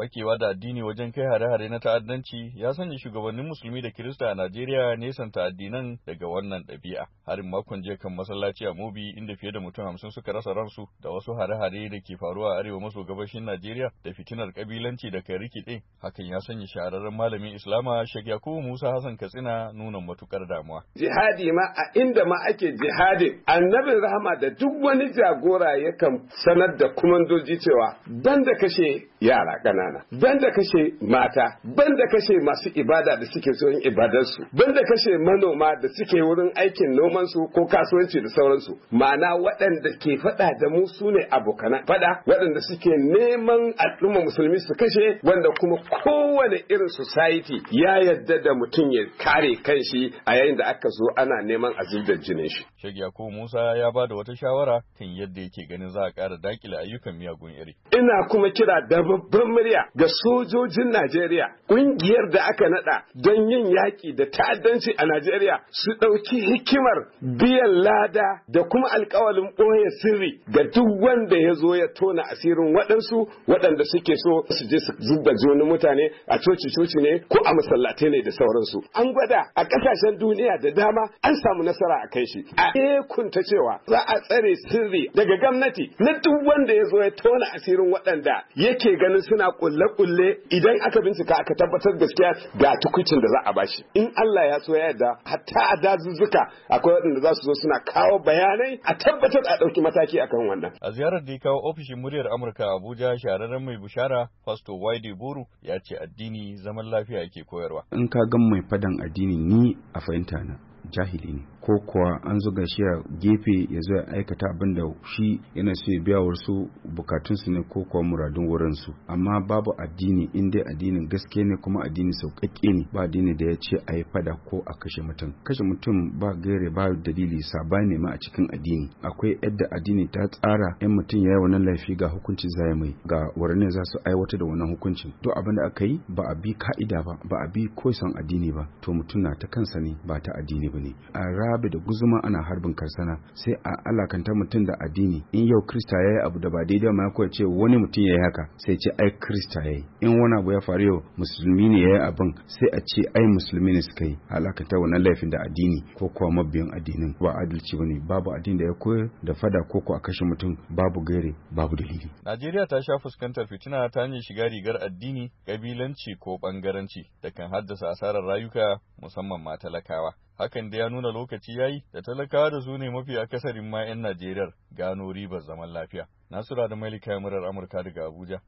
Fakewa da addini wajen kai hare-hare na ta'addanci ya sanya shugabannin musulmi da Kirista a Najeriya nesanta addinan daga wannan ɗabi'a. Harin makon jiya kan masallaci a Mobi inda fiye da mutum hamsin suka rasa ransu da wasu hare-hare da ke faruwa a arewa maso gabashin Najeriya da fitinar kabilanci da kai rikide. Hakan ya sanya shahararren malamin Islama Sheikh Yakubu Musa Hassan Katsina nuna matukar damuwa. Jihadi ma a inda ma ake jihadi annabin rahama da duk wani jagora yakan sanar da kumandoji cewa da kashe yara ƙanana. banda kashe mata banda kashe masu ibada da suke so yin ibadarsu banda kashe manoma da suke wurin aikin nomansu ko kasuwanci da sauransu ma'ana waɗanda ke faɗa da mu sune ne abokana faɗa waɗanda suke neman al'umma musulmi su kashe wanda kuma kowane irin society ya yadda da mutum ya kare kanshi a yayin da aka zo ana neman azizar jinin shi. Shagiya ko Musa ya ba da wata shawara kan yadda yake ganin za a ƙara dakile ayyukan miyagun iri. Ina kuma kira da babban murya Najeriya ga sojojin Najeriya ƙungiyar da aka nada don yin yaƙi da ta'addanci a Najeriya su ɗauki hikimar biyan lada da kuma alkawalin ɓoye sirri ga duk wanda ya zo ya tona asirin waɗansu waɗanda suke so su je su zuba jinin mutane a coci-coci ne ko a masallatai ne da sauransu. An gwada a ƙasashen duniya da dama an samu nasara a kai shi. A kunta cewa za a tsare sirri daga gwamnati na duk wanda ya zo ya tona asirin waɗanda yake ganin suna kulle-kulle idan aka bincika aka tabbatar gaskiya ga tukucin da za a bashi in Allah ya so ya yarda hatta a dazuzzuka akwai waɗanda za su zo suna kawo bayanai a tabbatar a ɗauki mataki akan wannan. A ziyarar da ya kawo ofishin muryar Amurka Abuja shahararren mai bishara Pastor Wide Buru ya ce addini zaman lafiya ke koyarwa. In ka gan mai fadan addini ni a fahimta na jahili ne. ko kuwa an zuga shi a gefe ya zo ya aikata abin da shi yana so ya biya wasu bukatunsu ne ko kuwa muradun wurinsu amma babu addini in dai addinin gaske ne kuma addini sauƙaƙe ne ba addini da ya ce a yi fada ko a kashe mutum kashe mutum ba gaire ba dalili sabani ma a cikin addini akwai yadda addini ta tsara in mutum ya yi wannan laifi ga hukunci ya mai ga wurin za su aiwatar da wannan hukuncin to abin da aka yi ba a bi ka'ida ba ba a bi kosan addini ba to mutum na ta kansa ne ba ta addini ba ne a tsabe da guzuma ana harbin karsana sai a alakanta mutum da addini in yau krista ya abu da ba daidai ma ko ce wani mutum ya yi haka sai ce ai krista ya in wani abu ya faru yau musulmi ne ya yi abin sai a ce ai musulmi ne suka yi alakanta wannan laifin da addini ko kuwa mabiyan addinin ba adalci ba ne babu addini da ya koyar da fada ko ko a kashe mutum babu gairi babu dalili Najeriya ta sha fuskantar fitina ta hanyar shiga rigar addini kabilanci ko bangaranci da kan haddasa asarar rayuka musamman ma talakawa hakan da ya nuna lokaci yayi da talakawa da su ne mafi akasarin ma 'yan Najeriya gano ribar zaman lafiya Nasura da Malika murar Amurka daga Abuja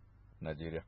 Najeriya